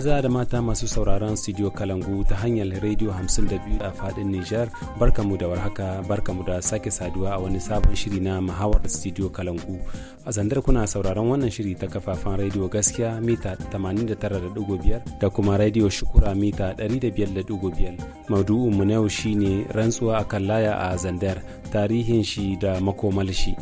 maza da mata masu sauraron studio kalangu ta hanyar radio 52 a fadin nijar barkamu da warhaka barkamu da sake saduwa a wani sabon shiri na mahawar studio kalangu a zandar kuna sauraron wannan shiri ta kafafen radio gaskiya mita 89.5 da kuma radio shukura mita 105.5 maudu'un mu na yau shine rantsuwa akan laya a zandar tarihin shi da makomal shi.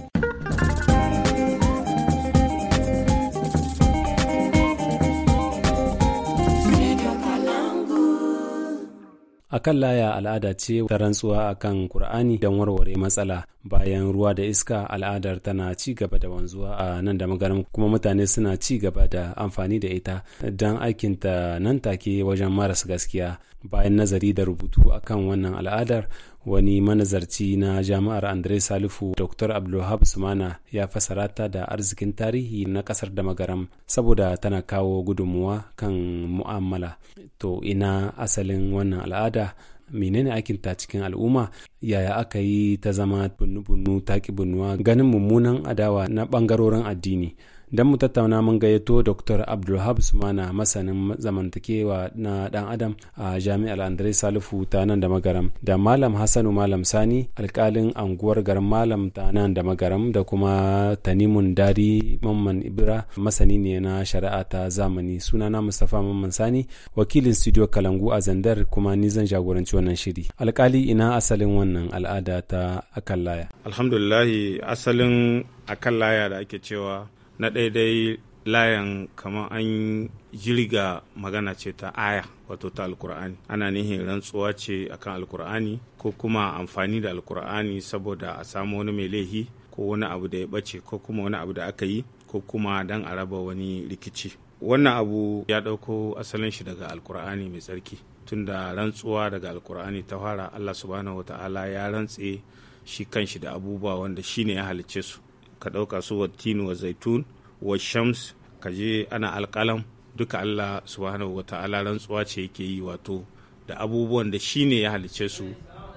akan laya al'ada ce ta rantsuwa akan kur'ani don warware matsala bayan ruwa da iska al'adar tana ci gaba da wanzuwa a nan da magaram kuma mutane suna ci gaba da amfani da ita don aikinta nan take wajen maras gaskiya bayan nazari da rubutu akan wannan al'adar wani manazarci na jami'ar andre salifu dr abdulhab sumana ya fasara ta da arzikin tarihi na kasar da magaram saboda tana kawo gudunmuwa kan mu'amala to ina asalin wannan al'ada menene aikin ta cikin al'umma yaya aka yi ta zama bunnu-bunnu taƙi bunnuwa ganin mummunan adawa na ɓangarorin addini don mu tattauna mun gayyato dr abdulhab sumana masanin zamantakewa na dan adam a jami'ar andre salifu ta nan da magaram da malam hassanu malam sani alkalin anguwar garin malam ta nan da magaram da kuma tanimun dari mamman ibra masani ne na shari'a ta zamani sunana mustapha mamman sani wakilin studio kalangu a zandar kuma ni zan jagoranci wannan shiri alkali ina asalin wannan al'ada ta akallaya alhamdulillahi asalin akan laya da ake cewa na daidai layan kamar an jirga magana ce ta aya wato ta alkur'ani ana nihin rantsuwa ce akan alkur'ani ko kuma amfani da alkur'ani saboda a samu wani mai laihi ko wani abu da ya bace ko kuma wani abu da aka yi ko kuma dan a raba wani rikici wannan abu ya ɗauko asalin shi daga alkur'ani mai tsarki tunda rantsuwa daga alkur'ani ta fara allah subhanahu ta'ala ya rantse shi kanshi da abubuwa wanda shine ya halicce su ka ɗauka su wa tinu wa zaitun wa shams ka je ana alƙalam duka Allah subhanahu wa ta'ala rantsuwa ce yake yi wato da abubuwan da shi ne ya halice su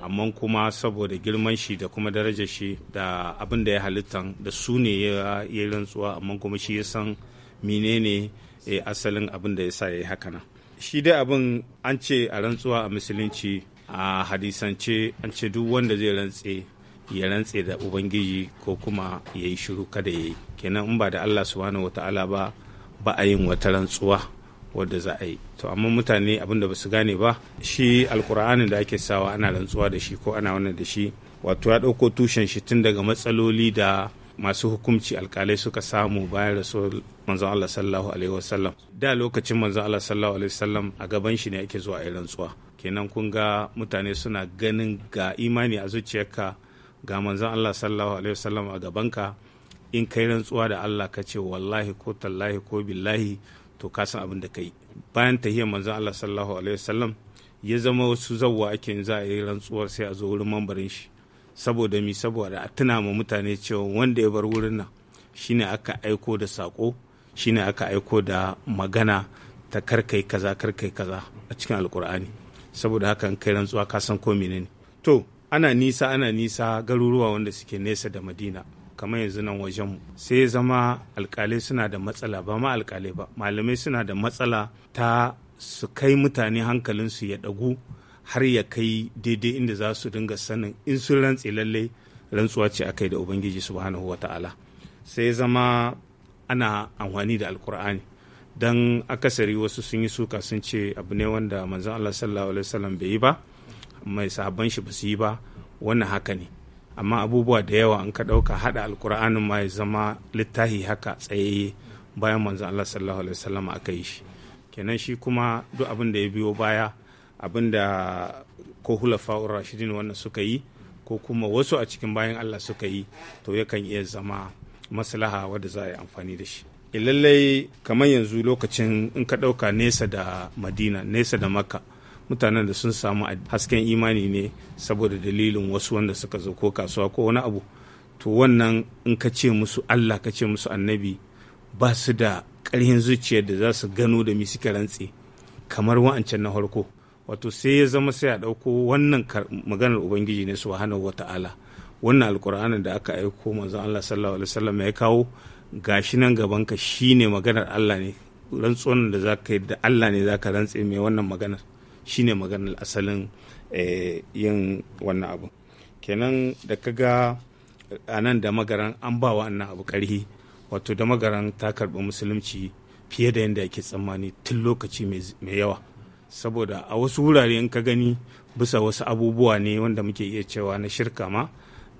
amma kuma saboda girman shi da kuma darajar shi da abin da ya halitta da su ne ya rantsuwa amma kuma shi ya san menene eh, asalin abin da ya sa ya yi haka nan shi dai abin an ce a rantsuwa a musulunci a hadisance an ce duk wanda zai rantse ya rantse da ubangiji ko kuma ya yi shiru kada ya yi kenan in ba da allah subhanahu wata'ala ba ba a yin wata rantsuwa wadda za a yi to amma mutane abin da ba su gane ba shi alkur'anin da ake sawa ana rantsuwa da shi ko ana wannan da shi wato ya ɗauko tushen shi tun daga matsaloli da masu hukunci alkalai suka samu bayan rasul manzon Allah sallahu alaihi wasallam da lokacin manzon Allah sallahu alaihi wasallam a gaban shi ne ake zuwa a yi rantsuwa kenan kun ga mutane suna ganin ga imani a zuciyarka ga manzon Allah sallallahu alaihi wasallam a gabanka in kai rantsuwa da Allah ka ce wallahi ko tallahi ko billahi to ka san abin da kai bayan tahiyar manzon Allah sallallahu alaihi wasallam ya zama wasu zawwa ake za a yi rantsuwar sai a zo wurin mambarin shi saboda mi saboda a tuna ma mutane cewa wanda ya bar wurin nan shine aka aiko da sako shine aka aiko da magana ta karkai kaza karkai kaza a cikin alkur'ani saboda haka kai rantsuwa ka san ko menene to ana nisa ana nisa garuruwa wanda suke nesa da madina kamar yanzu nan wajenmu sai zama alkalai suna da matsala ba ma alkalai ba malamai suna da matsala ta su kai mutane hankalinsu ya dagu har ya kai daidai inda za su dinga sanin in sun rantse lallai rantsuwa ce akai da ubangiji subhanahu wa ta'ala sai zama ana amfani da alkur'ani dan akasari wasu sun yi suka sun ce abu ne wanda manzon allah sallallahu alaihi wasallam bai yi ba mai sabon shi ba su yi ba wannan haka ne amma abubuwa da yawa an ka ɗauka haɗa alkur'anin ma ya zama littafi haka tsayayye bayan manzon Allah sallallahu alaihi wasallam aka yi shi kenan shi kuma duk abin da ya biyo baya abin da ko hulafa'ur rashidin wannan suka yi ko kuma wasu a cikin bayan Allah suka yi to yakan iya zama maslaha wadda za a yi amfani da shi eh, lallai kamar yanzu lokacin in ka ɗauka nesa da madina nesa da makka mutanen da sun samu hasken imani ne saboda dalilin wasu wanda suka zo ko kasuwa ko wani abu to wannan in ka ce musu allah ka ce musu annabi ba su da ƙarhin zuciyar da za su gano da mi suke rantse kamar wa'ancan na farko wato sai ya zama sai a ɗauko wannan maganar ubangiji ne subhanahu ta'ala wannan alkur'anin da aka aiko manzon Allah sallallahu alaihi wasallam ya kawo gashi nan gaban ka shine maganar Allah ne rantsuwan da zaka yi da Allah ne zaka rantse mai wannan maganar shine maganar asalin eh, yin wannan abu kenan da kaga a nan da magaran an ba wa annan abu karhi wato da magaran ta karɓi musulunci fiye da yadda yake tsammani tun lokaci mai yawa saboda a wasu wurare in ka gani bisa wasu abubuwa ne wanda muke iya cewa na shirka ma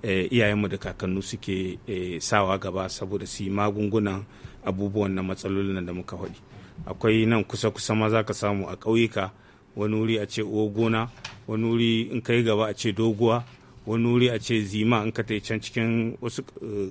eh, iyayenmu da kakannu suke eh, sawa gaba saboda su yi magungunan abubuwan na matsalolin da muka faɗi akwai nan kusa-kusa ma za ka samu a ƙauyuka wani wuri a ce ogona wani wuri in kai gaba a ce doguwa wani wuri a ce zima in ka can cikin wasu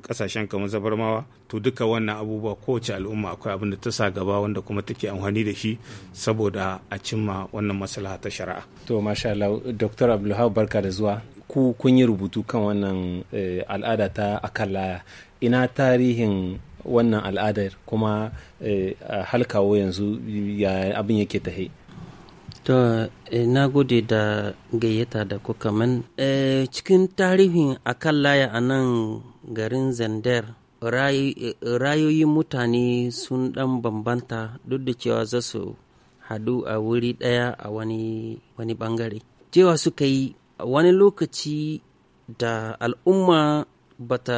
kasashen eh, kamar zabarmawa to duka wannan abubuwa kowace al'umma akwai abin da ta sa gaba wanda kuma take amfani da shi saboda a cimma wannan maslaha ta shari'a to masha Allah Dr. Abdulhaw barka da zuwa ku kun yi rubutu kan wannan eh, al'ada ta akalla ina tarihin wannan al'adar kuma eh, halkawo yanzu ya abin yake tahe To, eh, na gode da gayyata da kuka man. Eh, cikin tarihin akan laya a nan garin Zandar, eh, rayoyin mutane sun ɗan bambanta duk da cewa za su haɗu a wuri ɗaya a wani, wani ɓangare. Cewa suka yi wani lokaci da al'umma bata,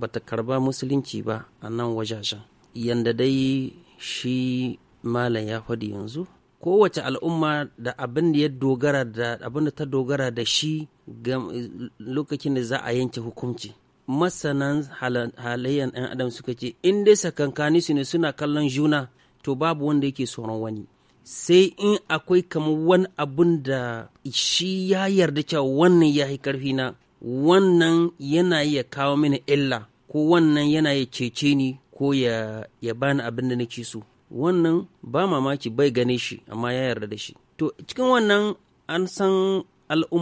bata karba musulunci ba a nan wajajen. Yanda dai shi malam ya faɗi yanzu. kowace al'umma da abin da ya dogara da abin da ta dogara da shi lokacin da za a yanke hukunci masanan halayyar ɗan adam suka ce in dai sakankani su ne suna kallon juna to babu wanda yake tsoron wani sai in akwai kamar wani abun da shi ya yarda cewa wannan ya yi karfi na wannan yana ya kawo mini illa ko wannan yana ya cece ni ko ya bani abin da nake so wannan ba mamaki bai gane shi amma ya yarda da shi to cikin wannan an san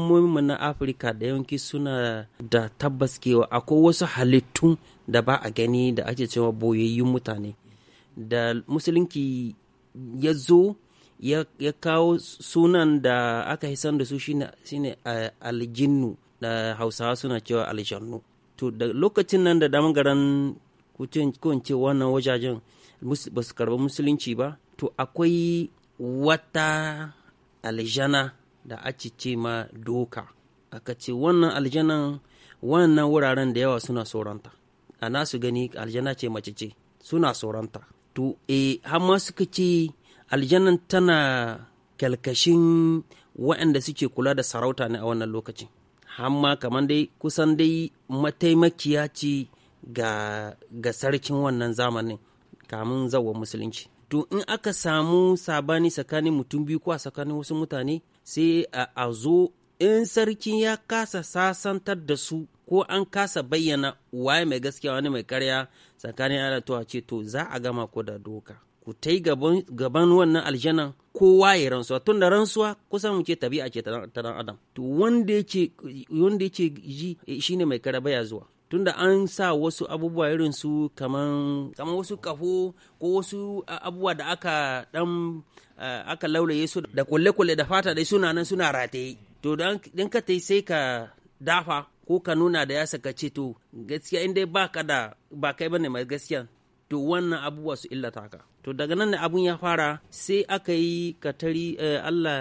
mu na afirka da yawanci suna da tabbas kewa akwai wasu halittu da ba a gani da ake cewa boyayyun mutane da musulunci ya zo ya, kawo sunan da aka san da su shine, aljinnu da hausawa suna cewa aljannu to da lokacin nan da damgaran kucin wannan wajajen ba su karɓi musulunci ba to akwai wata aljana da ake ce ma doka aka ce wannan aljanan wannan wuraren da yawa suna tsoronta a nasu gani aljana ce mace ce suna tsoronta to e ma suka ce aljanan tana kalkashin waɗanda suke kula da sarauta ne a wannan lokacin hamma kamar dai kusan dai mataimakiya ce ga sarkin wannan zamanin kamun zawa musulunci to in aka samu sabani tsakanin mutum biyu ko tsakanin wasu mutane sai a zo in sarki ya kasa sasantar da su ko an kasa bayyana waye mai gaskiya wani mai karya tsakanin ana to a ce to za a gama ko da doka ku ta gaban wannan aljanan kowa ya ransuwa tun da rantsuwa kusan mu ce tabi'a ce ta dan adam to wanda yake wanda ji eh, shine mai kara baya zuwa tunda an sa wasu abubuwa irin su kaman wasu kafo ko wasu abubuwa da aka dan aka laulaye su da kulle-kulle da fata dai suna nan suna rataye to dan ka tai sai ka dafa ko ka nuna da ya saka ce to gaskiya in ba ka da ba kai bane mai gaskiya to wannan abubuwa su illata ka to daga nan ne abun ya fara sai aka yi katari eh, Allah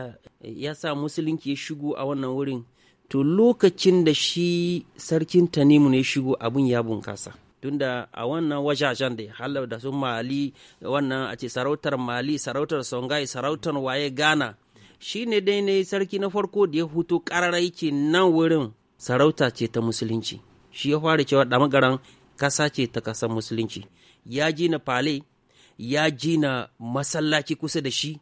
ya sa musulunci ya shigo a wannan wurin to lokacin da shi sarkin tanimu ne shigo abin ya bunkasa tunda a wannan wajajen da halar da su mali wannan a ce sarautar mali sarautar songai sarautar waye ghana shi ne dai ne sarki na farko da ya hutu karara ce nan wurin sarauta ce ta musulunci shi ya fara cewa magaran kasa ce ta kasar musulunci ya ji na fale ya ji na masallaci kusa da shi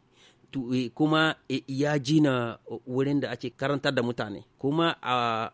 Eh, kuma eh, ya jina wurin da ake karanta da mutane kuma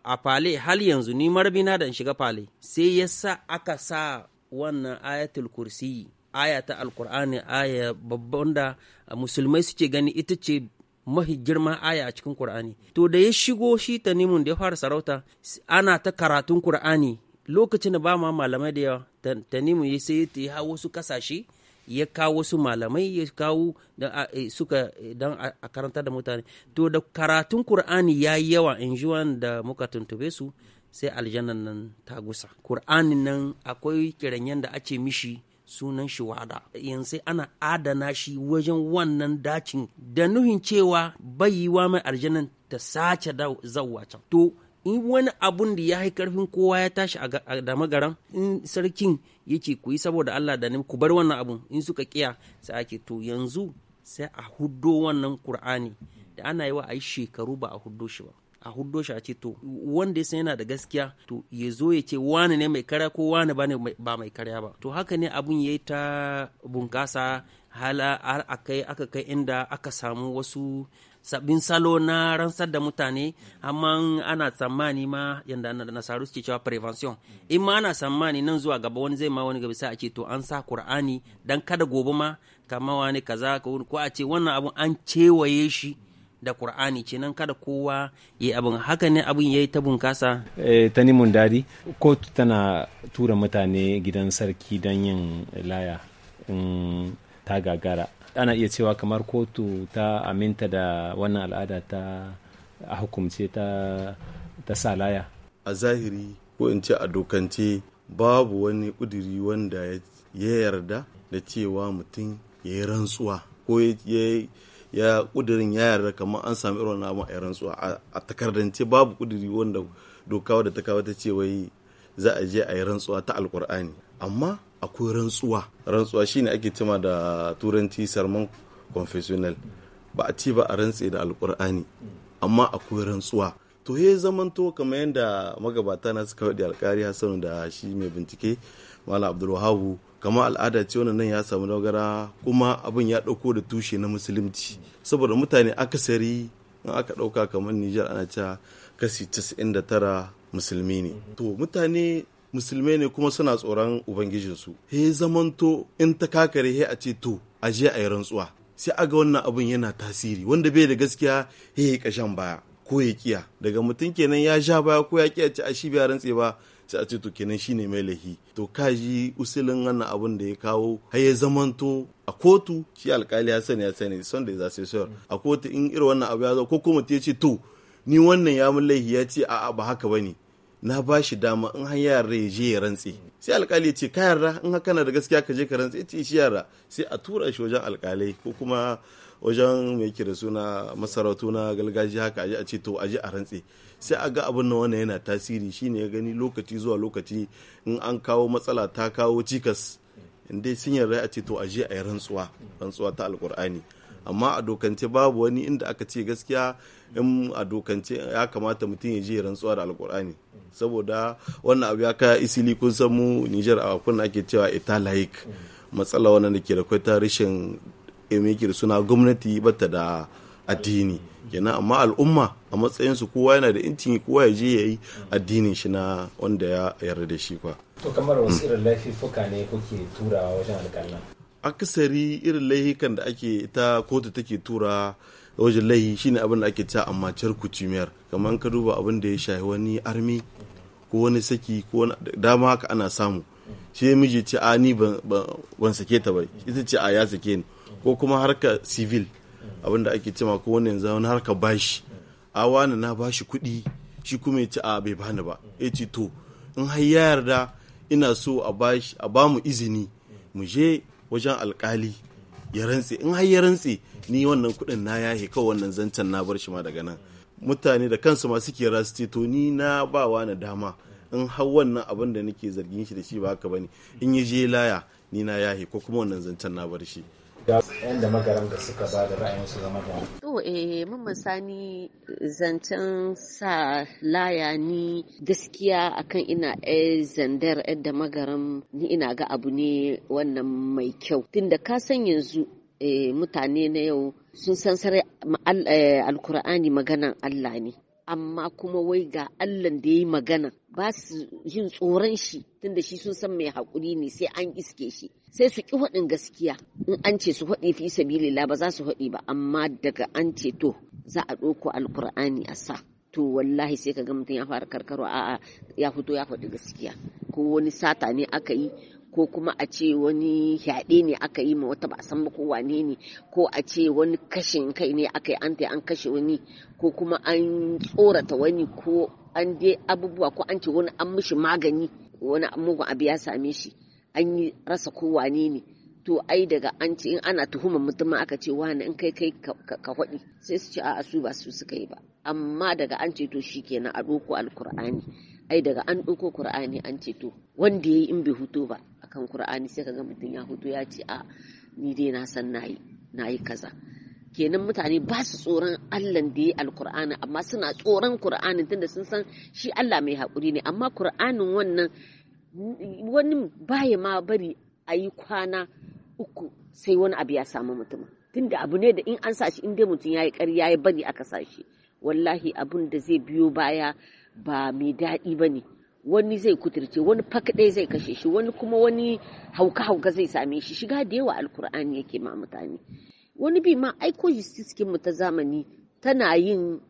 a fale hal yanzu ni marabina da in shiga fale sai ya sa aka sa wannan ayatul kursi aya ta alkur'ani aya babban da musulmai suke gani ita ce mafi girma aya a cikin kur'ani to da ya shigo shi ta nimun da ya fara sarauta ana ta karatun kur'ani lokacin da ba ma malamai da yawa ta nimun ya sai ta yi wasu kasashe ya kawo su malamai ya kawo da eh, suka eh, dan a karanta da mutane to da karatun qur'ani ya yi yawa in ji da muka tuntube su sai aljannan nan ta gusa qur'anin nan akwai kiranyen da ake mishi sunan shi wada yanzu ana adana shi wajen wannan dacin da nuhin cewa bai yi wa mai aljanan ta sace zauwa can to in wani abun da ya hai karfin kowa ya tashi a dama garan in sarkin yake ku yi saboda Allah da ku bar wannan abun in suka kiya sai ake to yanzu sai a huddo wannan Kur'ani da ana yi wa a yi shekaru ba a huddo shi ba a huddo shi a ce to wanda ya san yana da gaskiya to ya zo ya ce wani ne mai karya ko wani ba ba mai karya ba to haka ne abun ya yi ta bunkasa hala aka kai inda aka samu wasu sabbin salo na ransar da mutane amma ana tsammani ma yadda nasaru suke cewa prevention in ma ana tsammani nan zuwa gaba wani zai ma wani gaba sai a ce to an sa kur'ani dan kada gobe ma kamawa ne kaza ko a ce wannan abun an cewaye shi da Kur'ani ce nan kada kowa ya abin haka ne abin ya yi ta bunkasa. E, ta nimun dadi kotu tana tura mutane gidan sarki don yin laya in ta gagara ana iya cewa kamar kotu ta aminta da wannan al'ada ta a hukumce ta ta salaya a zahiri ko in ce a dokance babu wani kuduri wanda ya yarda da cewa mutum ya yi rantsuwa ko ya kudirin ya yarda kamar an sami irin wani a rantsuwa a takardance babu kuduri wanda doka da ta kawo ta ce za a je a yi rantsuwa ta alkur'ani amma akwai rantsuwa rantsuwa shine ake cima da turanci sermon confessional ba a ci ba a rantse da alkur'ani amma akwai rantsuwa to ya to kamar yadda magabata na suka faɗi alkari hassan da shi mai bincike malam abdulwahabu kama al'ada ce wannan nan ya samu dogara kuma abin ya ɗauko da tushe na musulunci saboda mutane akasari in aka ɗauka kamar nijar ana cewa kasi 99 musulmi ne to mutane musulmai ne kuma suna tsoron ubangijinsu he zamanto in ta kakare he a ce to a je a yi rantsuwa sai a ga wannan abun yana tasiri wanda bai da gaskiya he ya kashan baya ko ya kiya daga mutum kenan ya sha baya ko ya kiya ce a shi bai rantse ba sai a ce to kenan shine mai lahi to ji usulin wannan abun da ya kawo har ya zamanto a kotu shi alkali ya sani ya sani son da za su yi a kotu in irin wannan abu ya zo ko kuma ya ce to ni wannan ya mun laihi ya ce a'a ba haka ba ne. na ba shi dama in har yara ya je ya rantse sai alkali ce ka yarda in haka na da gaskiya ka je ka rantse ce shi yara sai a tura shi wajen alkalai ko kuma wajen mai kira suna masarautu na gargajiya haka aje a ce to aje a rantse sai a ga abin na wannan yana tasiri shine ya gani lokaci zuwa lokaci in an kawo matsala ta kawo cikas in dai sun yarda a ce to aje a yi rantsuwa rantsuwa ta alkur'ani amma a dokance babu wani inda aka ce gaskiya in a dokance ya kamata mutum ya je rantsuwa da alkur'ani saboda wannan abu ya kaya isili kun san mu Niger a kun ake cewa ita laik matsala wannan da ke da kwai ta rashin emekir suna gwamnati bata da addini kenan amma al'umma a matsayinsu su kowa yana da intin kowa ya je yayi addinin shi na wanda ya yarda da shi kwa to kamar wasu irin laifuka ne kuke turawa wajen alƙalla akasari irin laifukan da ake ta kotu take tura wajen laihi shine abin da ake ta amma kutumiyar kamar ka duba abin da ya shayi wani armi ko wani saki ko wani dama haka ana samu shi miji ce a ni ban sake ta ba ita ce a ya sake ni ko kuma harka civil abin da ake cewa ko wani yanzu wani harka bashi a wani na bashi kuɗi shi kuma ya ce a bai bani ba ya ce to in har ya yarda ina so a bashi a bamu izini mu je wajen alkali ya rantse in har ya rantse ni wannan kuɗin na yahe kawai wannan zancen na bar shi ma daga nan mutane da kansu masu ke rasti to ni na ba na dama in hau wannan abin da nake zargin shi da shi ba haka bane in yi je laya ni na yahe ko kuma wannan zancen na bar shi da suka ba da ra'ayinsu game da to eh mun musani zancen sa laya ni gaskiya akan ina eh zandar yadda magaran ni ina ga abu ne wannan mai kyau tunda ka san yanzu Eh, mutane na yau sun san sarai alkur'ani eh, maganan Allah ne amma kuma wai ga Allah da ya yi magana ba su yin tsoron shi tunda shi sun san mai haƙuri ne sai an iske shi sai su ƙi faɗin gaskiya in an ce su faɗi fi sabilillah ba za su faɗi ba amma daga an ce to za a ɗauko alkur'ani a sa to wallahi sai ka ga mutum ya fara karkaro a'a ya fito ya faɗi gaskiya ko wani sata ne aka yi ko kuma a ce wani yaɗe ne aka yi ma wata ba san ba ko wane ne ko a ce wani kashin kai ne aka yi an an kashe wani ko kuma an tsorata wani ko an dai abubuwa ko an ce wani an mishi magani wani mugun abu ya same shi an yi rasa ko wane ne to ai daga an ce in ana tuhumar mutum aka ce wani in kai kai ka faɗi sai su ce a'a su ba su suka yi ba amma daga an ce to shikenan a doko alkur'ani ai daga an doko kur'ani an ce to wanda ya yi in bai hutu ba Kan Kur'ani sai ga mutum ya hudu ya ce a ni dai na san nayi nayi kaza kenan mutane ba su tsoron Allah da ya alkur'ani amma suna tsoron Kur'ani tunda sun san shi Allah mai haƙuri ne amma Kur'anin wannan wani baya ma bari a yi kwana uku sai wani abu ya samu mutum tunda abu ne da in an sa shi in dai mutum ya yi ƙarya ya bari aka sa shi wallahi abun da zai biyo baya ba mai daɗi ba ne wani zai kuturce wani fakaɗe zai kashe shi wani kuma wani hauka-hauka zai same shi shiga da yawa alkur'ani yake ma mutane wani bi ma aiko justice mu ta zamani tana yin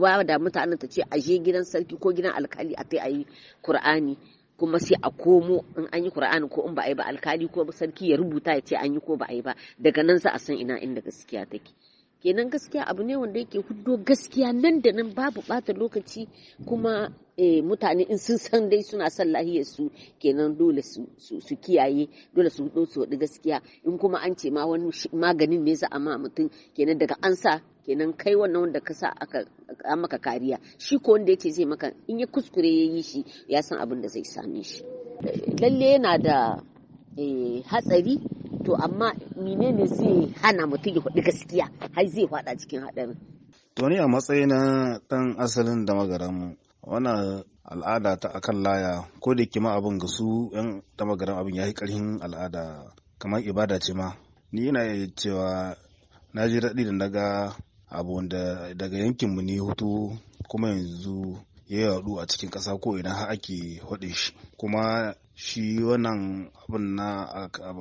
ba da mutane ta ce aje gidan sarki ko gidan alkali a tai ayi kur'ani kuma sai a komo in an yi kur'ani ko in ba a yi ba alkali ko sarki ya rubuta ya ce an yi ko ba a yi ba daga nan za a san ina inda gaskiya take kenan gaskiya abu ne wanda yake huddo gaskiya nan da nan babu bata lokaci kuma eh, mutane in sun san dai suna son lahiyarsu su kenan dole su kiyaye dole su hudo su gaskiya in kuma an ce ma wani maganin ne za a ma mutum kenan daga an sa kenan kai wannan wanda ka sa aka maka kariya shi ko wanda yace zai maka in ya kuskure ya yi shi ya san abin da zai same shi lalle yana da eh, hatsari to amma menene zai hana mutum ya faɗi gaskiya har zai faɗa cikin haɗarin. to a matsayina ɗan asalin da magaranmu wannan al'ada ta akan laya ko da kima abin ga su yan da magaran abin ya yi ƙarfin al'ada kamar ibada ce ma ni ina cewa na ji daɗi da naga abu da daga yankinmu ne hutu kuma yanzu ya yi a cikin ƙasa ko ina har ake haɗe shi kuma shi wannan abin na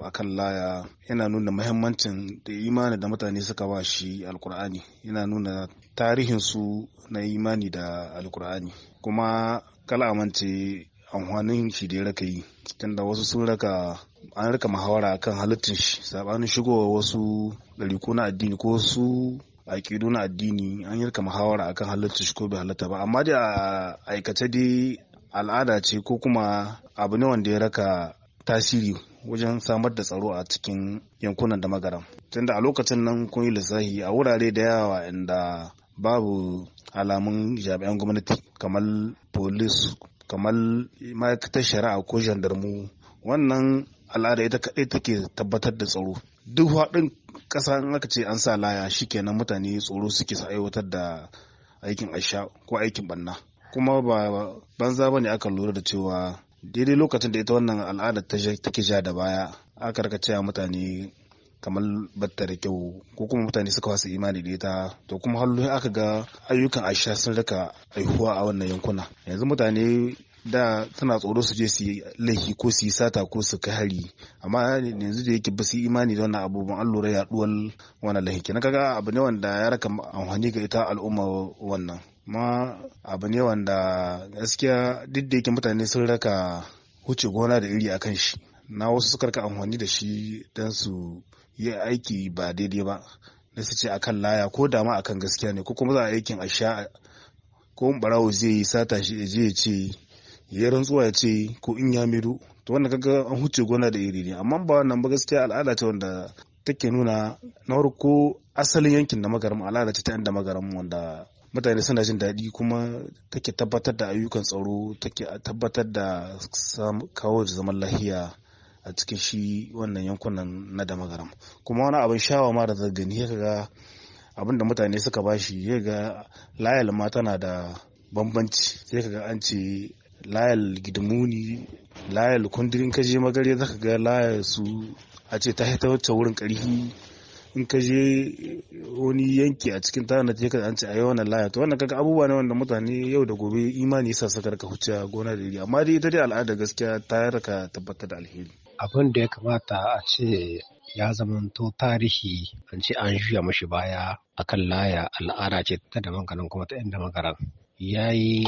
akan laya yana nuna mahimmancin da imani da mutane suka ba shi alkur'ani yana nuna tarihinsu na imani da alkur'ani kuma kalamance amfanin shi da ya raka yi tunda wasu sun raka an rika muhawara kan halittin shi sabanin shigowa wasu ɗariku na addini ko su aƙidu na addini an yi rika muhawara akan halittin shi ko bai halatta ba amma da aikace dai al'ada ce ko kuma abu ne wanda ya raka tasiri wajen samar da tsaro a cikin yankunan da magaram tunda a lokacin nan kun yi lissafi a wurare da yawa inda babu alamun jami'an gwamnati kamar polis kamar ma'aikatar shari'a ko jandarmu wannan al'ada ita kaɗai take tabbatar da tsaro duk haɗin ƙasa in aka ce an sa laya shi shikenan mutane tsoro suke aiwatar da aikin aisha ko aikin banna kuma ba banza ba ne aka lura da cewa daidai lokacin da ita wannan al'adar take ja da baya aka raka cewa mutane kamar batta da kyau ko kuma mutane suka wasu imani da ita to kuma hallo aka ga ayyukan aisha sun rika aihuwa a wannan yankuna yanzu mutane da suna tsoro su je su yi laifi ko su yi sata ko su kai hari amma yanzu da yake ba su imani da wannan abubuwan an lura yaduwar wannan laifi kenan kaga abu ne wanda ya raka amfani ga ita al'umma wannan kuma abu ne wanda gaskiya duk da yake mutane sun raka huce gona da iri a kan shi na wasu suka raka amfani da shi don su yi aiki ba daidai ba na su ce akan laya ko dama akan gaskiya ne ko kuma za a aikin a sha ko barawo zai yi sata shi je ya ce ya rantsuwa ya ce ko in ya miru to wannan kaga an huce gona da iri ne amma ba wannan ba gaskiya al'ada ce wanda take nuna na farko asalin yankin da magaramu al'ada ce ta yan da wanda mutane suna jin daɗi kuma take tabbatar da ayyukan tsaro take tabbatar da kawo da zaman lahiya a cikin shi wannan yankunan na da magaram kuma wani abin shawa ma da gani ya ga abin da mutane suka ba shi ya ga layal ma tana da bambanci sai ka ga an ce layal gidimuni layal kundirin kaje magare zaka ga layal su a ce ta ta wurin karhi in ka je wani yanki a cikin tana ta ka ce a yi wannan laya to wannan kaga abubuwa ne wanda mutane yau da gobe imani yasa sakar ka huce gona da iri amma dai ita dai al'ada gaskiya ta raka tabbatar da alheri abin da ya kamata a ce ya zamanto tarihi an ce an juya mashi baya akan laya al'ada ce ta da maganin kuma ta inda magaran ya yi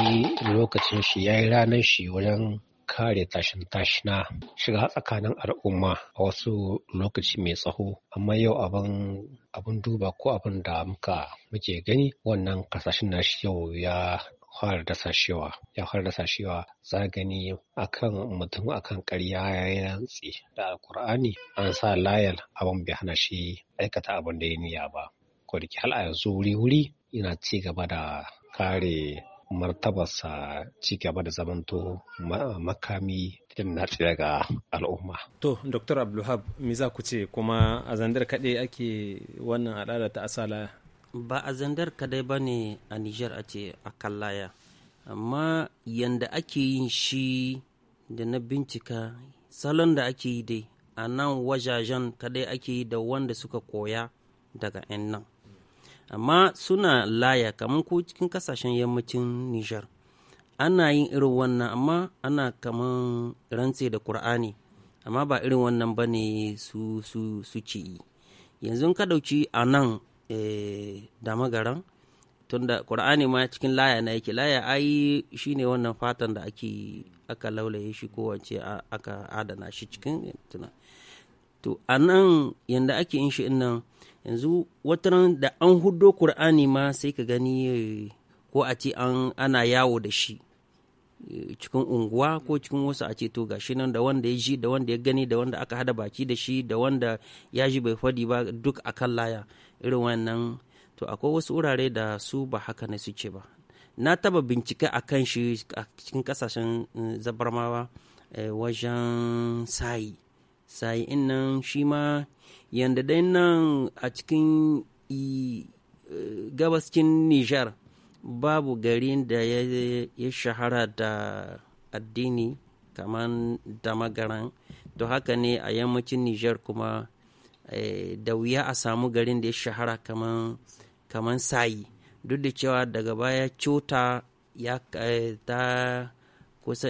lokacin shi ya yi ranar shi wajen kare tashin tashina shiga tsakanin al'umma a wasu lokaci mai tsaho amma yau abin duba ko abin da muka muke gani wannan kasashen nashi yau ya fara dasa shewa ya fara dasa shewa za gani akan mutum akan karya ya rantsi da alkur'ani an sa layal abin bai hana shi aikata abin da ya niya ba ko da hal a yanzu wuri wuri yana ci gaba da kare martabarsa ci gaba da zamanto makami din na ga al'umma. To, Dr. Abdulhab, me za ku ce kuma a zandar kaɗai ake wannan al'ada ta asala? Ba a zandar kaɗai ba ne a Nijar a ce a kallaya, amma yanda ake yin shi da na bincika salon da ake yi dai a nan wajajen kaɗai ake yi da wanda suka koya daga 'yan nan. amma suna laya kamar ko cikin kasashen yammacin nijar ana yin irin wannan amma ana kamar rantse da kur'ani amma ba irin wannan ba ne su su su ci yanzu ka dauki a nan eh, da magaran tunda kur'ani ma cikin laya na yake laya ai shine wannan fatan da ake aka laulaye shi kowace aka adana shi cikin tuna to a nan yadda ake yin shi nan yanzu wataran da an hudo kur'ani ma sai ka gani ko a ce ana yawo da shi eh, cikin unguwa ko cikin wasu a ce to gashi nan da wanda ya ji da wanda ya gani da wanda aka hada baki da shi da wanda ya ji bai fadi ba duk a kan laya irin wannan to akwai wasu wurare da su ba haka ne ce ba na taba bincike a kan shi a cikin kasashen eh, zabarmawa eh, wajen sayi sai in nan shi ma yadda dai nan a cikin gabascin nijar babu garin da ya shahara da addini kamar damagaran to haka ne a yammacin nijar kuma eh, da wuya a samu garin da ya shahara kamar sayi duk da cewa daga baya cuta ya eh, ta kusa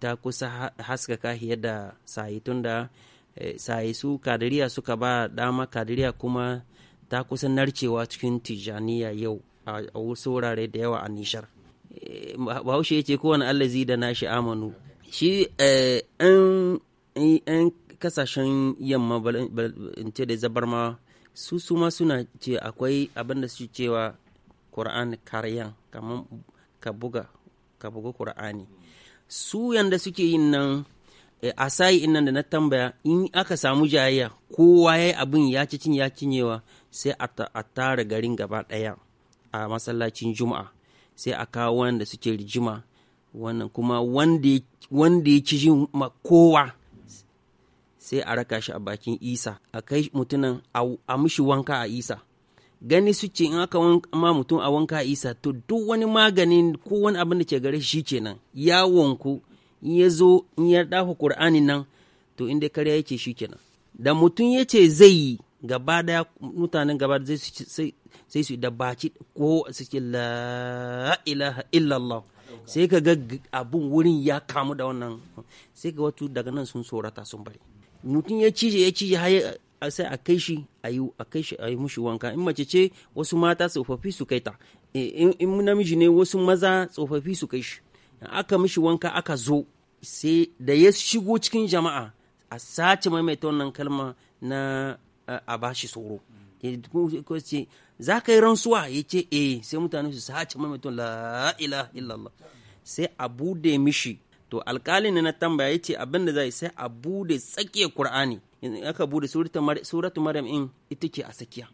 ta kusa haskaka yadda sayi tunda eh, sayi su kadiriya suka ba dama kadiriya kuma ta kusa narcewa cikin tijaniya yau a wasu wurare da yawa a nishar eh, bahaushe ya ce kowane allazi da nashi amanu shi yan eh, kasashen yamma ce da zabarma su suma suna ce akwai abinda da su cewa ƙura'an karyan kamar ka buga ka su yanda suke yin nan eh, a sayi nan da na tambaya in aka samu jayayya kowa ya yi abin ya ci cin ya cinyewa sai a tara garin gaba ɗaya a masallacin juma'a sai a kawo wanda suke rijima wannan kuma wanda ya ci jin kowa sai a raka shi a bakin isa a kai mutunan a mishi wanka a isa gani su ce in aka ma mutum a wanka isa to duk wani maganin ko wani abin da ke gare shi kenan ya wanku in ya zo in ya dafa ƙur'ani nan to inda karya yake shi kenan da mutum ya ce zai yi gaba daya mutanen gaba zai sai su da baci ko su ce la ilaha illallah sai ka ga abun wurin ya kamu da wannan sai ka wato daga nan sun tsorata sun bari mutum ya cije ya cije sai a kai shi a yi a kai a yi mushi wanka in mace ce wasu mata tsofaffi su kai ta eh, in namiji ne wasu maza tsofaffi su kai shi aka mishi wanka aka zo sai da ya shigo cikin jama'a a sace maimaita wannan kalma na a bashi tsoro mm. eh, za ka yi rantsuwa ya ce eh sai mutane su sace maimaita la ilaha illallah mm. sai a bude mishi to alkalin na tambaya ya ce abin da zai sai a bude tsakiyar qur'ani aka bude suratu maryam in ita ce a tsakiya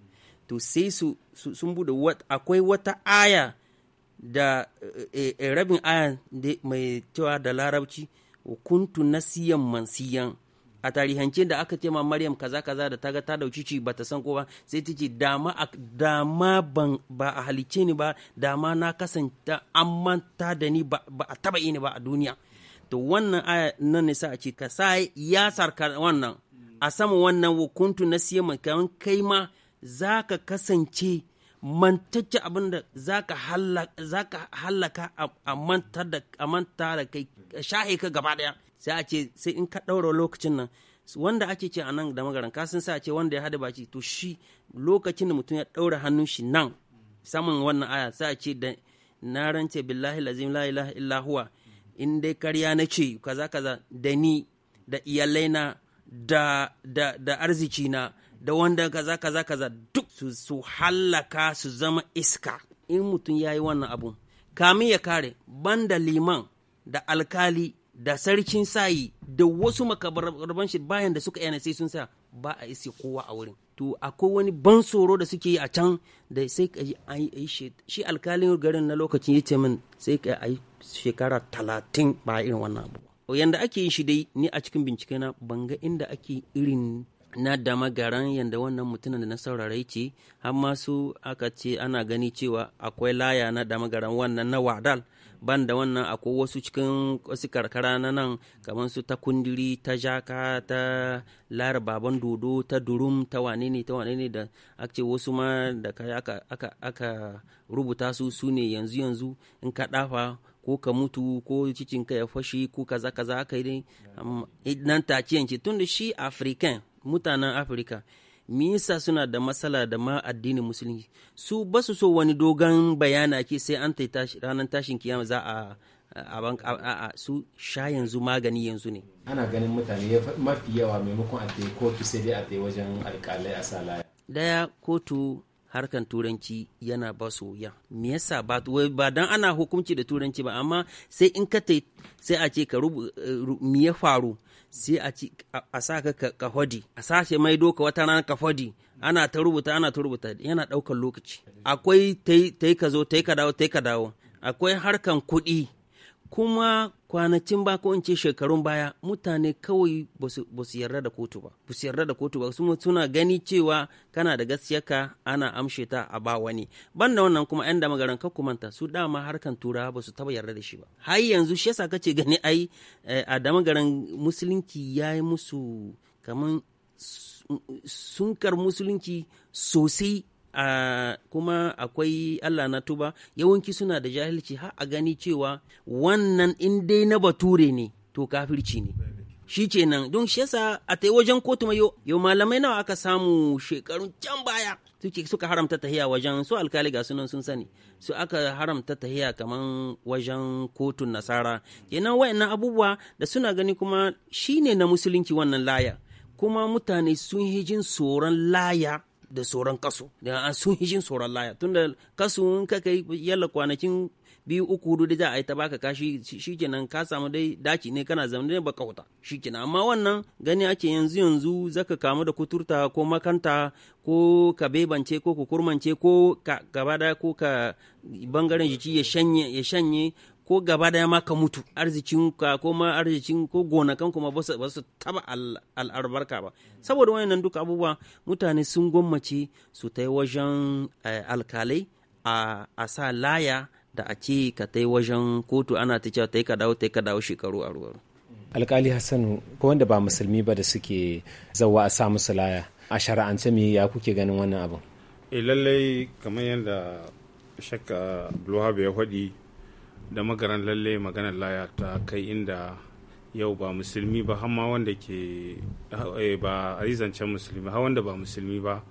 to sai su sun bude akwai wata aya da eh, eh, eh, rabin aya mai cewa da larabci kuntu siyan mansiyan a tarihance da aka ce ma Maryam kaza kaza da ta ga ta dauki ci bata san ko ba sai ta ce dama dama ban ba a halice ni ba dama na kasanta an manta da ni ba a taba ni ba a duniya to wannan aya nan ne sa a ce ka sa ya sarka wannan a sama wannan hukuntu na siya kamar kai ma za ka kasance mantacce abin da za ka hallaka a manta da kai shahe ka gaba daya sai a ce sai in ka ɗaura lokacin nan wanda ake ce a nan da magaran kasan sa a ce wanda ya hada baci to shi lokacin da mutum ya ɗaura hannun shi nan saman wannan aya sai a ce da na rance billahi lazim la ilaha in dai karya na ce kaza kaza da ni da iyalai na da da arzikina da wanda kaza kaza kaza duk su, hallaka su zama iska in mutum ya yi wannan abun kamin ya kare ban da liman da alkali da sarkin sayi da wasu makabarban shi bayan da suka yana sai sun sa ba a isi kowa a wurin to akwai wani ban tsoro da suke yi a can da sai ka yi shi alkalin garin na lokacin ya ce min sai ka yi shekara talatin ba irin wannan abu yanda ake yin shi dai ni a cikin bincike na ban ga inda ake irin na dama garan yadda wannan mutumin da na saurare ce har masu aka ce ana gani cewa akwai laya na dama garan wannan na wadal ban da wannan akwai wasu cikin wasu karkara na nan kamar su ta kundiri ta jaka ta baban dodo ta durum ta wane ne ta wane ne da aka ce wasu ma da kai aka, aka, aka rubuta su su ne yanzu yanzu in ka dafa ko ka mutu ko ka ya fashi ko kaza kaza aka yi eh, nan ta ce tun da shi african mutanen afirka misa suna da matsala da ma addinin musulunci su ba su so wani dogon bayana ke sai an tai ranar tashin kiyama za a a su sha yanzu magani yanzu ne ana ganin mutane mafi yawa maimakon a kotu sai dai a wajen alkalai a salaya daya kotu harkan turanci yana ba su wuya me yasa ba ba dan ana hukunci da turanci ba amma sai in ka sai a ce ka rubu eh, me ya faru sai a ci a sa ka ka a sashe mai doka wata rana ka ana ta rubuta ana ta rubuta yana ɗaukar lokaci akwai tai ka zo tai ka dawo tai ka dawo akwai harkan kuɗi kuma kwanacin ba ko in ce shekarun baya mutane kawai ba su yarda da kotu ba ba su yarda da kotu ba suna gani cewa kana da gaskiyarka ana amshe ta a ba wani ban da wannan kuma yan damagaran ka kumanta su dama harkan turawa ba su taba yarda da shi ba har yanzu shi yasa kace gani ai eh, a damagaran musulunci ya yi musu kaman sunkar musulunci sosai a kuma akwai Allah na tuba yawanci suna da jahilci har a gani cewa wannan in dai na bature ne to kafirci ne shi ce nan don shi yasa a ta wajen kotu mai yau malamai nawa aka samu shekarun can baya suke suka haramta tahiya wajen su alkali ga sunan sun sani su aka haramta tahiya kaman wajen kotun nasara kenan wayannan abubuwa da suna gani kuma shine na musulunci wannan laya kuma mutane sun hijin tsoron laya da tsoron kaso da an sun hishin tsoron laya tunda kaso in ka kai yalla kwanakin biyu uku hudu da za a yi ta baka kashi shikenan ka samu dai daki ne kana zama ne baka huta shikenan amma wannan gani ake yanzu yanzu zaka kamu da kuturta ko makanta ko ka bebance ko kukurmance ko ka gaba ko ka bangaren jiki ya shanye ya shanye ko gaba daya ma ka mutu arzikinka ko ma arzikin ko gonakan kuma ba su taba al'arbarka ba saboda wayannan duka abubuwa mutane sun gwammace su ta wajen eh, alkalai a sa laya da a ce ka ta wajen kotu ana ta cewa ta yi ka dawo ta yi ka dawo shekaru a ruwa alkali hassanu ko wanda ba musulmi ba da suke zawa a sa musu laya a shari'ance me ya kuke ganin wannan abu e eh, lallai kamar yadda shakka abdulwahab ya faɗi da magaran lalle maganar laya ta kai inda yau ba musulmi ba har wanda ke eh, ba arizancen musulmi ha wanda ba musulmi ba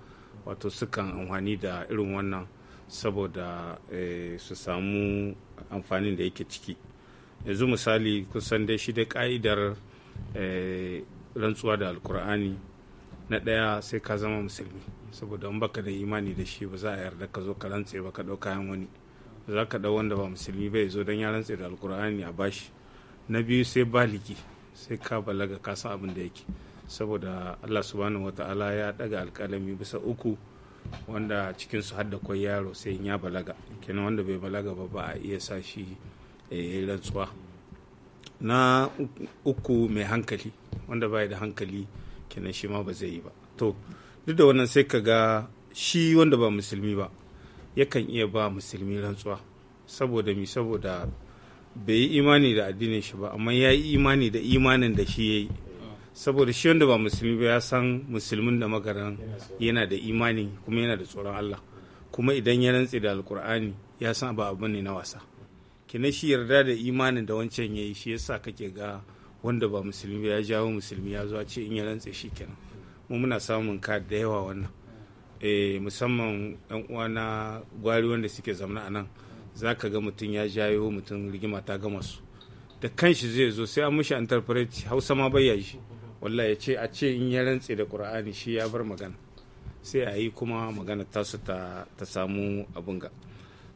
wato sukan amfani da irin wannan saboda eh, su samu amfanin da yake ciki yanzu misali kusan dai shi dai ka'idar eh, rantsuwa da alkur'ani na ɗaya sai ka zama musulmi saboda in baka da imani da shi ba za a yarda ka zo ka rantse ba ka ɗau kayan wani za ka ɗau wanda ba musulmi ba ya zo don ya rantse da alkur'ani a bashi na biyu sai baliki sai ka balaga ka san abin da yake saboda allah subhanahu ta'ala ya daga alƙalami bisa uku wanda cikin su hadda kwai yaro sai ya balaga kenan wanda bai balaga ba ba a iya sa shi ya rantsuwa na uku mai hankali wanda ba da hankali kenan shi ma ba zai yi ba to duk da wannan sai ka ga shi wanda ba musulmi ba yakan iya ba musulmi rantsuwa saboda mi saboda bai yi imani da addinin shi ba amma ya yi imani da imanin da shi ya yi saboda shi wanda ba musulmi ba ya san musulmin da magaran yana da imani kuma yana da tsoron Allah kuma idan ya rantse da alkur'ani ya san ba abu ne na wasa kina shi yarda da imanin da wancan ya yi shi yasa kake ga wanda ba musulmi ba ya jawo musulmi ya zo ce in ya rantse shi kenan mu muna samun ka da yawa wannan Eh, musamman yan uwa na gwari wanda suke zamana a nan za ka ga mutum ya jayo mutum rigima ta gama su da kanshi zai zo sai an mushi interpret hausa ma bai shi wallahi ya ce a ce in ya rantse da qur'ani shi ya bar magana sai a yi kuma magana tasu ta, ta samu abin ga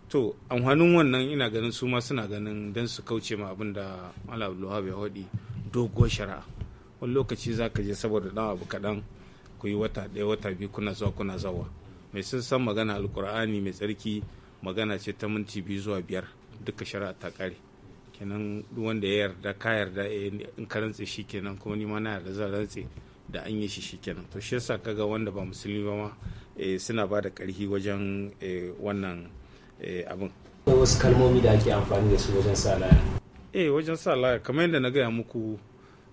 to amfanin wannan ina ganin su ma suna ganin don su kauce ma abin da malam abdulwahab ya haɗi doguwar shari'a wani lokaci za ka je saboda ɗan abu kaɗan ku yi wata ɗaya wata biyu kuna zuwa kuna zawa mai sun san magana alkur'ani mai tsarki magana ce ta minti biyu zuwa biyar duka shari'a ta kare kenan duk wanda ya yarda ka yarda eh, in ka rantse shi kenan kuma ni ma na yarda zan rantse da an yi shi shi kenan to shi yasa kaga wanda ba musulmi ba ma eh, suna ba da karhi wajen eh, wannan abin wasu kalmomi da ake amfani da su wajen sa laya eh wajen sa laya kamar yadda na gaya muku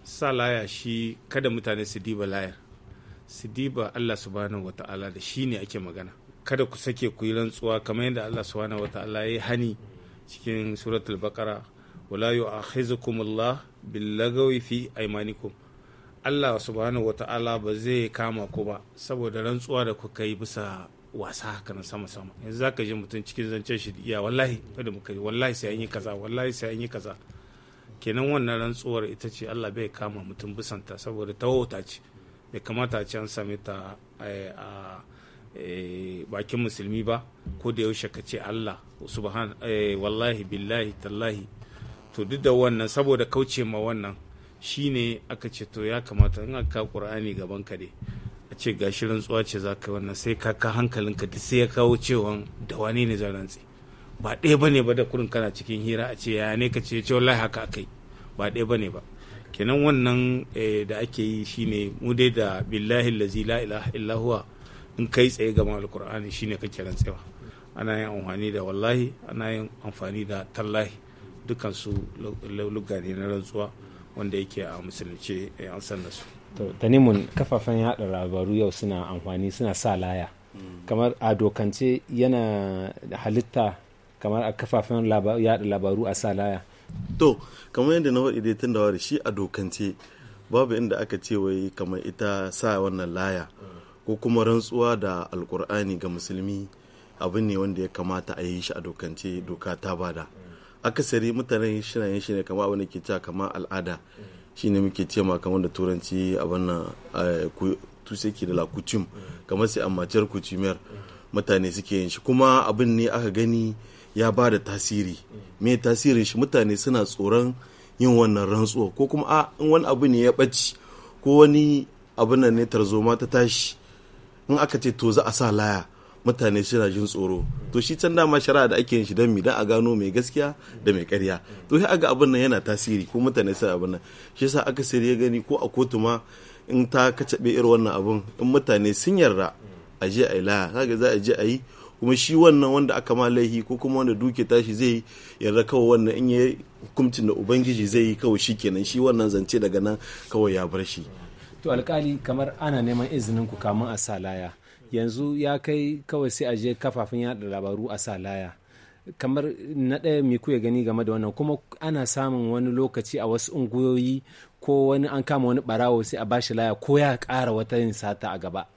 sa laya shi kada mutane su diba layar su diba Allah subhanahu ta'ala da shi ne ake magana kada ku sake ku yi rantsuwa kamar yadda Allah subhanahu ta'ala ya yi hani cikin suratul baqara wala yu'akhizukum Allah billagawi fi aymanikum Allah subhanahu ta'ala ba zai kama ku ba saboda rantsuwa da kuka yi bisa wasa haka sama sama yanzu zaka ji mutum cikin zancen shi iya wallahi kada muka yi wallahi sai an yi kaza wallahi sai an yi kaza kenan wannan rantsuwar ita ce Allah bai kama mutum bisanta saboda tawauta ce bai kamata a ci an same ta eh, a eh, bakin musulmi ba ko da yaushe ka ce Allah subhan eh, wallahi billahi tallahi to duk da wannan saboda kauce ma wannan shine aka ce to ya kamata in aka qur'ani gaban ka ne a ce gashi rantsuwa ce za ka wannan sai ka ka ka duk sai ya kawo cewa da wane ne zan rantsi ba ɗaya bane ba da kurin kana cikin hira a ce ya ne ka ce ce wallahi haka akai ba ɗaya bane ba kenan wannan eh, da ake yi shine mu dai da billahi lazi la ilaha in kai tsaye gama alkur'ani shine kake tsewa ana yin amfani da wallahi ana yin amfani da tallahi dukkan su ne na rantsuwa wanda yake a musulunce eh, an san da su to tanimun kafafen yada labaru yau suna amfani suna sa laya kamar a dokance yana halitta kamar a kafafen yada labaru a sa laya to kamar yadda na waɗi tun da shi a dokance babu inda aka ce wai kamar ita sa wannan laya ko kuma rantsuwa da alkur'ani ga musulmi abin ne wanda ya kamata a yi shi a dokance doka ta bada akasari mutanen shi yin shi ne kamar abin da ke cewa kamar al'ada shi ne muke cema kamar da turanci abin na eh, tushe ke da lakucim kamar sai amacer kucimiyar mutane suke yin shi kuma abin ne aka gani ya ba da tasiri me tasirin shi mutane suna tsoron yin wannan rantsuwa ko kuma a in wani abu ne ya ɓaci ko wani abu nan ne tarzoma ta tashi in aka ce to za a sa laya mutane suna jin tsoro to shi can dama shari'a da ake yin shi don mi don a gano mai gaskiya da mai karya to sai aga abin nan yana tasiri ko mutane suna abin nan shi yasa aka sirri ya gani ko a kotu ma in ta kacabe irin wannan abin in mutane sun yarda a je a yi laya kaga za a je a yi kuma shi wannan wanda aka ma laihi ko kuma wanda duke tashi zai yi yarda kawai wannan in ya hukuncin da ubangiji zai yi kawai shi kenan shi wannan zance daga nan kawai ya bar shi to alkali kamar ana neman izinin ku kamun a salaya yanzu ya kai kawai sai a je kafafin yada labaru a salaya kamar na ɗaya mai kuya gani game da wannan kuma ana samun wani lokaci a wasu unguyoyi ko wani an kama wani barawo sai a bashi laya ko ya ƙara wata yin sata a gaba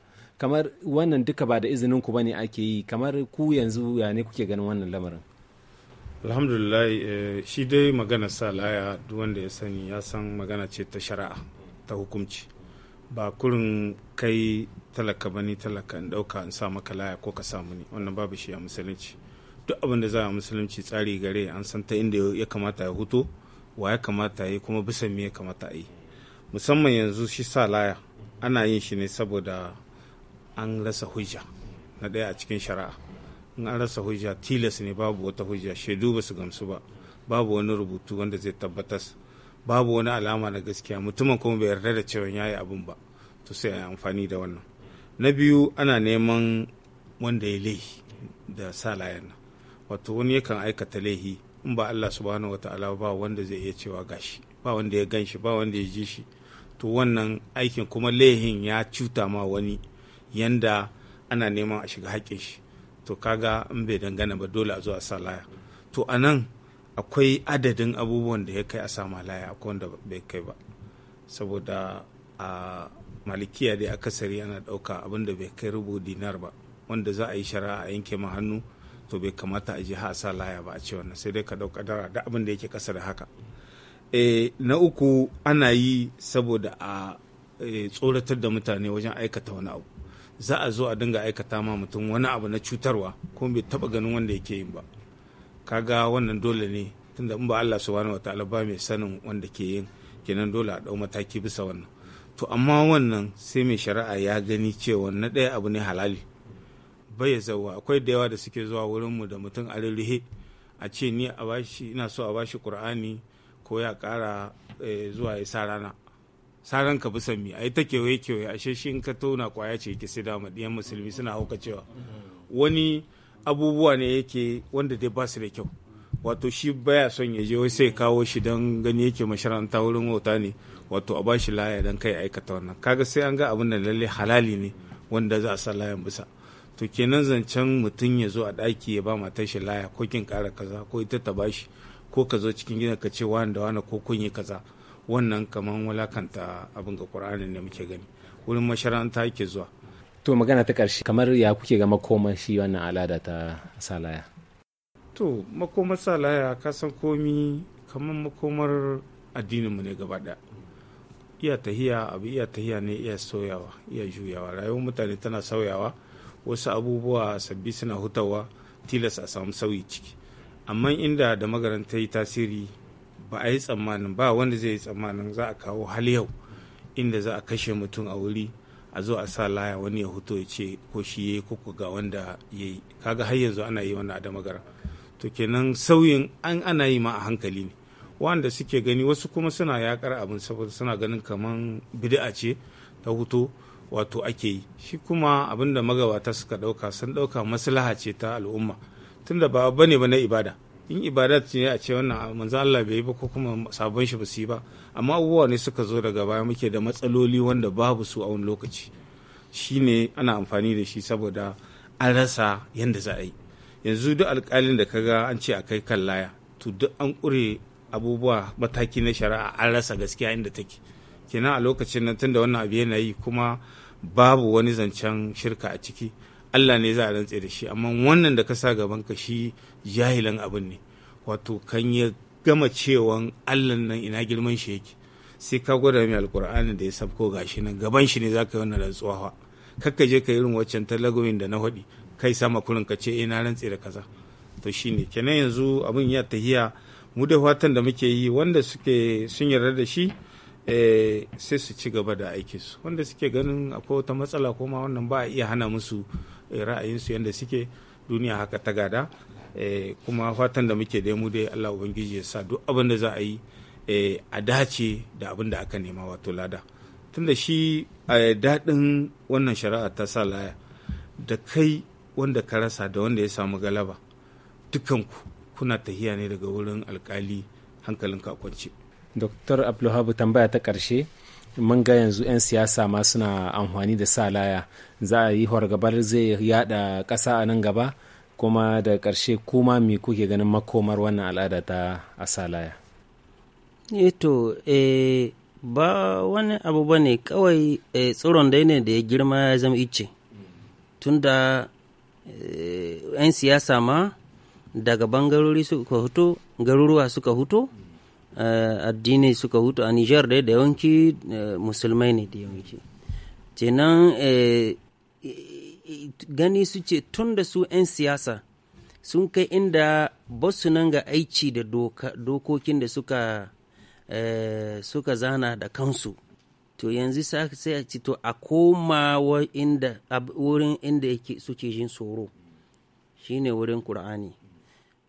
kamar wannan duka ba da izinin ku bane ake yi kamar ku yanzu ya ne kuke ganin wannan lamarin alhamdulillah eh, shi dai magana sa laya duk wanda ya sani ya san magana ce ta shari'a ta hukunci ba kurin kai talaka ba ni talaka in ɗauka in sa maka laya ko ka samu ni wannan babu shi a musulunci duk abin da za a musulunci tsari gare an san ta inda ya kamata ya huto wa ya kamata ya yi kuma bisa me ya kamata a yi musamman yanzu shi sa laya ana yin shi ne saboda an rasa hujja na ɗaya a cikin shari'a in an rasa hujja tilas ne babu wata hujja shaidu ba su gamsu ba babu wani rubutu wanda zai tabbatar babu wani alama na gaskiya mutumin kuma bai yarda da cewa ya yi abin ba to sai a amfani da wannan na biyu ana neman wanda ya laihi da sa layan nan wato wani yakan aikata laihi in ba Allah subhanahu wataala ba wanda zai iya cewa gashi ba wanda ya ganshi ba wanda ya ji shi to wannan aikin kuma laihin ya cuta ma wani yanda ana neman a shiga haƙƙin shi to kaga in bai dangana ba dole a zo a sa laya to a nan akwai adadin abubuwan da ya kai a sama laya akwai wanda bai kai ba saboda a malikiya dai akasari ana ɗauka abin da bai kai rubu dinar ba wanda za a yi shari'a a yanke ma hannu to bai kamata a je ha a sa laya ba a ce wannan sai dai ka ɗauka dara da abin da yake ƙasa da haka e, na uku ana yi saboda a e, tsoratar da mutane wajen aikata wani abu za a zo a dinga aikata ma mutum wani abu na cutarwa ko bai taba ganin wanda yake yin ba kaga wannan dole ne tunda in ba Allah subhanahu wataala ba mai sanin wanda ke yin kenan dole a dau mataki bisa wannan to amma wannan sai mai shari'a ya gani cewa na ɗaya abu ne halali bai zauwa akwai da yawa da suke zuwa wurin mu da mutum a rirrihe a ce ni a bashi ina so a bashi qur'ani ko ya kara eh, zuwa ya sa rana saran ka bisa mi a yi ta kewaye kewaye ashe shi in ka tona kwaya ce yake sai dama madiyan musulmi suna hauka cewa wani abubuwa ne yake wanda dai ba su da kyau wato shi baya son ya je wai sai kawo shi don gani yake masharanta wurin wauta ne wato a bashi laya don kai aikata wannan kaga sai an ga abin da lalle halali ne wanda za a sa layan bisa to kenan zancen mutum ya zo a daki ya ba matar shi laya ko kin kara kaza ko ita ta bashi ko ka zo cikin gida ka ce wani da wani ko kun yi kaza wannan kaman walakanta abin ga qur'ani ne muke gani wurin masharanta yake zuwa to magana ta ƙarshe kamar ya kuke ga makoman shi wannan al'ada ta salaya to makomar salaya ka san komi kamar makomar addininmu ne gaba ɗaya iya tahiya abu iya tahiya ne iya sauyawa iya juyawa rayuwar mutane tana sauyawa wasu abubuwa sabbi suna hutawa tilas a samu sauyi ciki amma inda da magaranta yi tasiri ba a yi tsammanin ba wanda zai yi tsammanin za a kawo hal yau inda za a kashe mutum a wuri a zo a sa laya wani ya huto ya ce ko shi ya yi kuku ga wanda ya yi kaga har yanzu ana yi wani adama gara to kenan sauyin an ana yi ma a hankali ne wanda suke gani wasu kuma suna yakar abin saboda suna ganin kaman bid'a ce ta huto wato ake yi shi kuma abin da magabata suka ɗauka sun ɗauka maslaha ce ta al'umma tunda ba bane ba na ibada in ibadat ne a ce wannan manzo Allah bai yi ba ko kuma sabon shi ba su yi ba amma abubuwa ne suka zo daga baya muke da matsaloli wanda babu su a wani lokaci shine ana amfani da shi saboda an rasa yadda za a yi yanzu duk alkalin da kaga an ce a kai kan laya to duk an kure abubuwa mataki na shari'a an rasa gaskiya inda take kenan a lokacin nan tunda wannan abu yana yi kuma babu wani zancen shirka a ciki Allah ne za a rantse da shi amma wannan da ka sa gaban ka shi jahilan abin ne wato kan ya gama cewan Allah nan ina girman shi yake sai ka gwada mai alkur'ani da ya sabko shi nan gaban shi ne za ka yi wannan rantsuwa kakka je ka irin waccan talagoyin da na haɗi kai sama kurin ka ce ina eh, rantse da kaza to shine kenan yanzu abin ya tahiya mu da fatan da muke yi wanda suke sun yarda da shi eh, sai su ci gaba da aikinsu wanda suke ganin akwai wata matsala ma wannan ba a iya hana musu Eh, ra'ayinsu yadda suke duniya haka ta gada eh, kuma fatan da muke da mu dai Allah ubangiji ya sa duk abin da za a yi eh, a dace da abin da aka nema wato lada tunda shi a daɗin wannan shari'a ta sa laya da kai wanda ka rasa da wanda ya samu galaba dukanku kuna tahiya ne daga wurin alkali hankalinka kwance. Dr. Abdulhabu tambaya ta ƙarshe mun ga yanzu 'yan siyasa ma suna amfani da sa laya za a yi hargabar zai yada kasa a nan gaba kuma da karshe kuma ma kuke ganin makomar wannan al'ada ta salaya. eto eh eh, ba wani abu ba ne kawai eh, tsoron dai ne da ya girma ya zama ice tunda 'yan siyasa ma daga bangarori suka huto garuruwa suka huto Eh, addini suka hutu a nijar dai da yawanci eh, musulmai ne da yawanci kenan eh, gani su ce tun da su 'yan siyasa sun kai inda basu nan ga aici da dokokin da suka suka zana da kansu to yanzu sai a ci to a koma inda wurin inda suke jin tsoro shine wurin kur'ani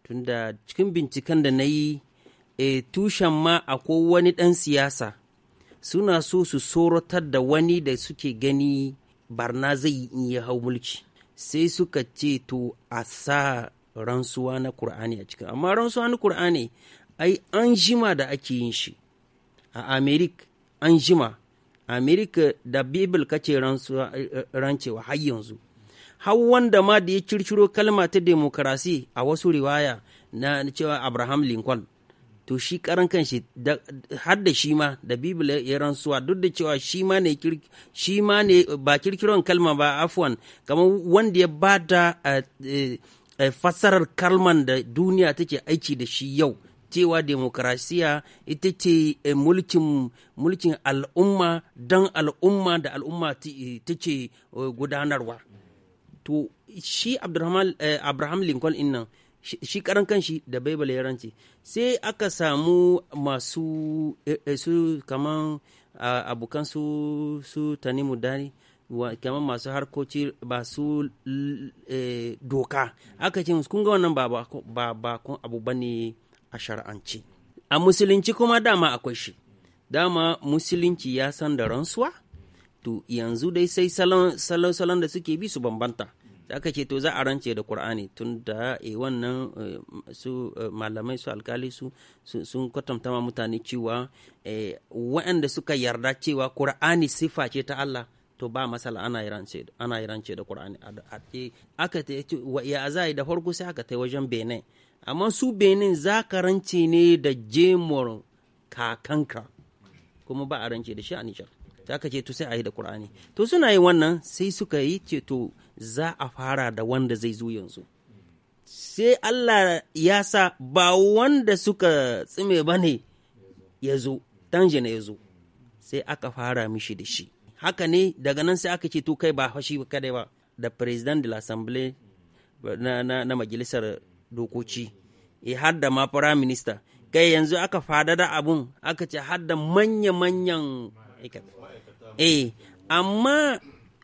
tunda cikin binciken da na yi e tushen ma akwai wani ɗan siyasa suna so su sorotar da wani da suke gani barna zai yi in ya hau mulki sai suka ce to a sa rantsuwa na ƙur'ani a cikin amma rantsuwa na ƙur'ani ai an jima da ake yin shi a amerik an jima amerika da bibil kace rancewa har yanzu har wanda ma da ya kirkiro kalma ta demokarasi a wasu riwaya na cewa abraham lincoln to shi karan kanshi har da shi ma da bibila ya rantsuwa duk da cewa shi ma ne shi ma ne ba kirkiron kalma ba afwan kamar wanda ya ba da eh, eh, eh, fassarar kalman da duniya take aiki da shi yau cewa demokrasiya ita ce mulkin al'umma dan al'umma da al'umma ta ce gudanarwa to shi abraham lincoln nan shi karan kanshi da baibal ya rance sai aka samu masu eh, eh, su kaman abokan su su tanimu dani kamar masu harkoci su eh, doka aka ce musu kun ga wannan ba bakon abu ba ne a shar'anci a musulunci kuma dama akwai shi dama musulunci ya san da ransuwa to yanzu dai sai salon salon da suke bi su bambanta aka ce to za a rance da qur'ani tun da e wannan eh, su eh, malamai su alkali su sun kwatanta ma mutane cewa waɗanda suka yarda cewa qur'ani sifa ce ta Allah to ba masala ana rance ana rance da qur'ani aka ta ya da farko sai aka ta wajen Benin amma su Benin za ka rance ne da jemur kakanka kuma ba a rance da shi a Nijar ta aka ce to sai a yi da Qur'ani to suna yi wannan sai suka yi ce to za a fara da wanda zai zo yanzu sai Allah ya sa ba wanda suka tsime ba ne ya zo na ya zo sai aka fara mishi da shi haka ne daga nan sai aka ce to kai ba fashi kadai ba da president de l'assemblée na, na, na majalisar dokoci e eh, har da ma prime minister kai yanzu aka da abun aka ce har da manya-manyan eh amma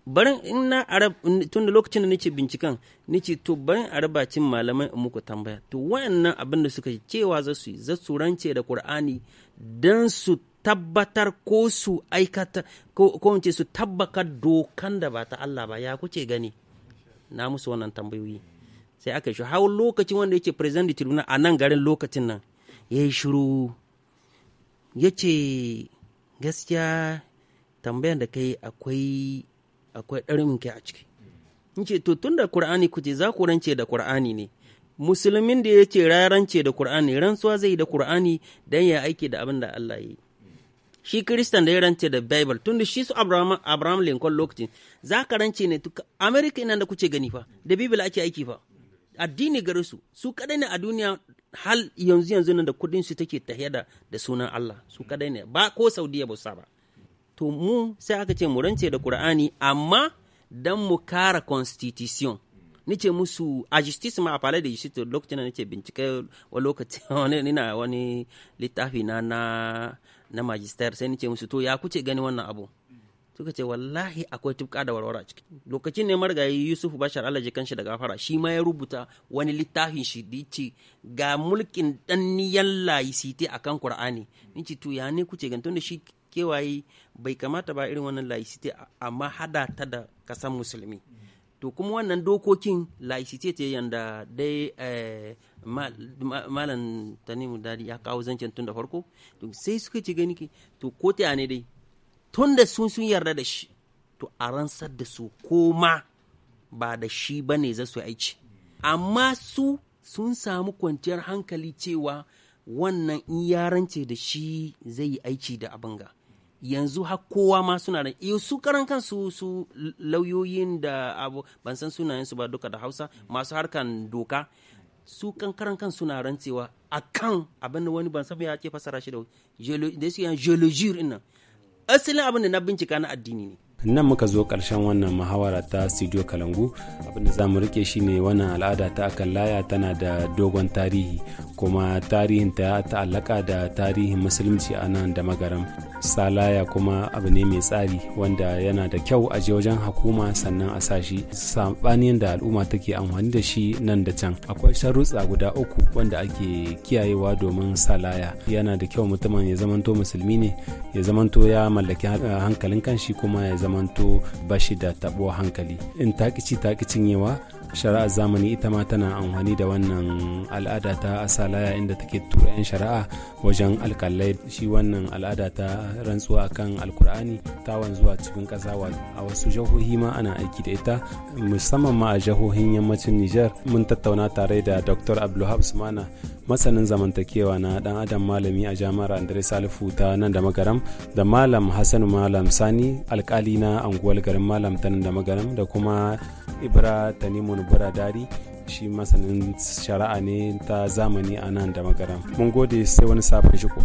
barin in na arab tun da lokacin da nake binciken nake to barin araba cin malamai in muku tambaya to wayannan abin da suka cewa za su yi za su rance da qur'ani dan su tabbatar ko su aikata ko ko ce su tabbaka dokan da ba ta Allah ba ya kuce gani na musu wannan tambayoyi sai aka shi hawo lokacin wanda yake president tribunal a nan garin lokacin nan yayi shiru yace gaskiya tambayan da kai akwai akwai ɗarin kai a ciki in ce to tun da Kur'ani kuce za ku rance da Kur'ani ne musulmin da ya ce rarance da Kur'ani rantsuwa zai da Kur'ani dan ya aiki da abin da Allah yi shi Kiristan da ya rance da Bible tun da shi su Abraham, Abraham Lincoln lokacin za ka rance ne tuka America ina da kuce gani fa da Bible ake aiki fa addini gare su su kadai ne a duniya hal yanzu yanzu nan da kudin su take tahiyada da sunan Allah su kadai ne ba ko Saudiya ba ba to mu sai aka ce mu rance da Qur'ani amma dan mu kara constitution ce musu a justice ma a fara da justice lokacin da ce bincike wa lokaci wani wani littafi na na na magister sai ce musu to ya kuce gani wannan abu suka ce wallahi akwai tubka da warwara ciki lokacin ne margayi yusuf bashar allah jikan shi da gafara shi ma ya rubuta wani littafin shi da ce ga mulkin dan niyan layisiti akan qur'ani ce to ya ne kuce gan tunda shi kewaye bai kamata ba irin wannan laicite amma hada ta da kasan musulmi to kuma wannan dokokin laicite ce yanda dai eh, malam tanimu dadi ya kawo zancen tun da farko to sai suka ci gani to ko ta ne dai tun da sun sun yarda da shi to a ransar da su koma ba da shi ba ne za su aici amma su sun samu kwanciyar hankali cewa wannan in yaranci da shi zai yi aiki da abin ga yanzu har kowa ma suna da iyo eh, su karan kansu su lauyoyin da abu ban san sunayensu ba duka da hausa masu harkan doka su kan karan kansu na rantsewa a kan abin da wani ban san ya ke fasara shi da da su yan geologir ina asalin abin da na bincika na addini ne nan muka zo karshen wannan muhawara ta studio kalangu abinda za mu rike ne wannan al'ada ta akan laya tana da dogon tarihi kuma tarihin ta ta'allaka da tarihin musulunci a nan da magaram salaya kuma abu ne mai tsari wanda yana da kyau a je wajen hakuma sannan a sashi sabanin da al'umma take amfani da shi nan da can akwai sharutsa guda uku wanda ake kiyayewa domin salaya yana da kyau mutumin ya zamanto musulmi ne ya zamanto ya mallaki eh, hankalin kanshi kuma ya zamanto ba shi da taɓuwa hankali in takici takicin yawa shari'ar zamani ita ma tana amfani da wannan al'ada ta asalaya inda take tura 'yan shari'a wajen alkalai shi wannan al'ada ta rantsuwa kan alkur'ani ta wanzuwa cikin ƙasa a wasu jihohi ma ana aiki da ita musamman ma a jihohin yammacin niger mun tattauna tare da dr abdulhab sumana masanin zamantakewa na dan adam malami a jami'ar andre salifu ta nan da magaram da malam hassan malam sani alkali na anguwar garin malam ta nan da magaram da kuma ibra tanimu Mamman Baradari shi masanin shari'a ne ta zamani a nan da magaram. Mun gode sai wani sabon shiko.